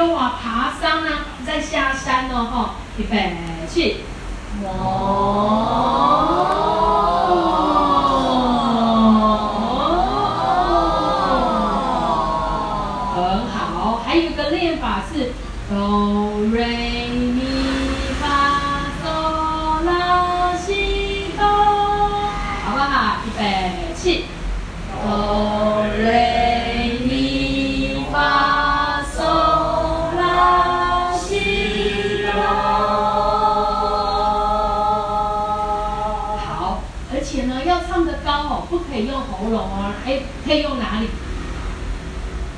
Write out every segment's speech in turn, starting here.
跟我爬山呢、啊，再下山嘍、哦哦，吼，預備起，哦，哦哦哦哦哦很好、哦。還有一個練法是，哦，do re mi fa so la si do 好不好？預備起。去而且呢，要唱得高哦，不可以用喉嚨哦、啊，哎、欸，可以用哪裡？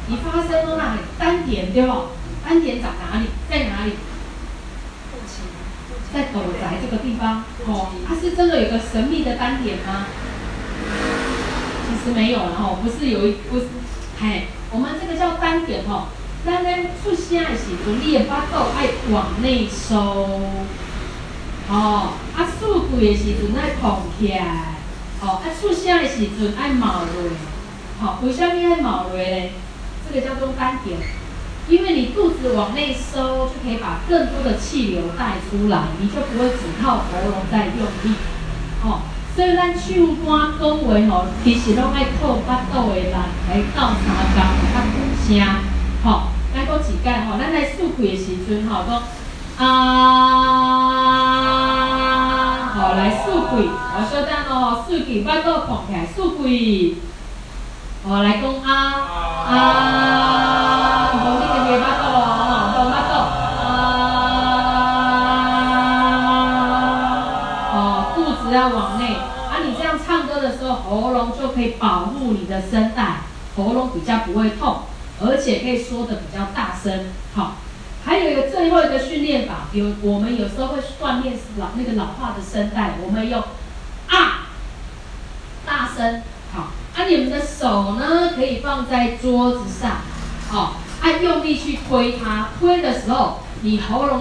你發聲到哪裡？丹田對吧？丹田找哪裡？在哪裡？在狗宅這個地方，親哦，它、啊、是真的有個神秘的丹田嗎？親其實沒有了哦，不是有一，不是，嘿，我們這個叫丹田哦，丹田出息愛寫有力，發抖愛往內收。哦，啊，舒氣的時陣愛捧起來，哦，啊，出聲的時陣愛冒落，哦，為什麼愛冒落咧？這個叫做丹田，因為你肚子往內收，就可以把更多的氣流帶出來，你就不會只靠喉嚨在用力，哦，所以咱唱歌、講話吼，其實攏愛靠腹部的力量來鬥三江啊，鼓聲，吼、哦，咱講自己吼，咱、哦、來舒氣的時候，吼、哦，講啊。我來速背，我說、啊、等哦，速背八個放下，速背。我來公阿阿，放幾個尾巴到哦，尾巴到啊。哦，肚子、啊啊哦、要往內，啊，你這樣唱歌的時候，喉嚨就可以保護你的聲帶，喉嚨比較不會痛，而且可以說得比較大聲，好、哦。還有一個最後一個訓練法，有我們有時候會鍛煉老那個老化的聲帶，我們用啊，大聲好，那、啊、你們的手呢可以放在桌子上，好、哦，啊用力去推它，推的時候你喉嚨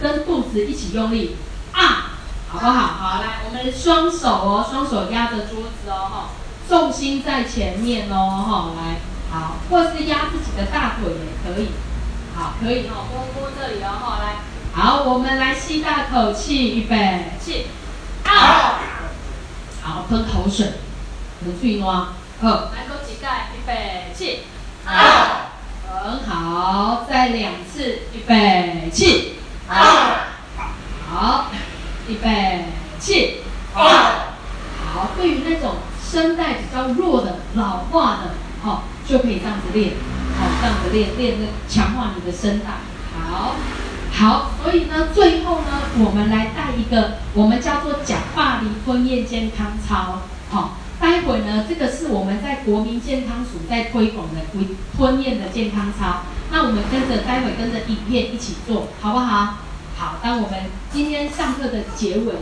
跟肚子一起用力啊，好不好？好，來我們雙手哦，雙手壓着桌子哦，重心在前面哦，哦來好，或是壓自己的大腿也可以。好，可以哈，摸摸這裡然、哦、後來。好，我們來吸大口氣，預備，起，二、啊。好，噴口水，能注意哦。二，來，口起蓋，預備，起，二、啊。很好，再兩次，預備，起，二、啊。啊、好，預備，起，二、啊。好，啊、好，對於那種聲帶比較弱的、老化的，好、哦、就可以這樣子練。這樣的練練，強化你的聲帶，好好。所以呢，最後呢，我們來帶一個，我們叫做呷百二吞嚥健康操，好、哦。待會呢，這個是我們在國民健康署在推廣的吞吞嚥的健康操。那我們跟着待會跟着影片一起做，好不好？好，當我們今天上課的結尾。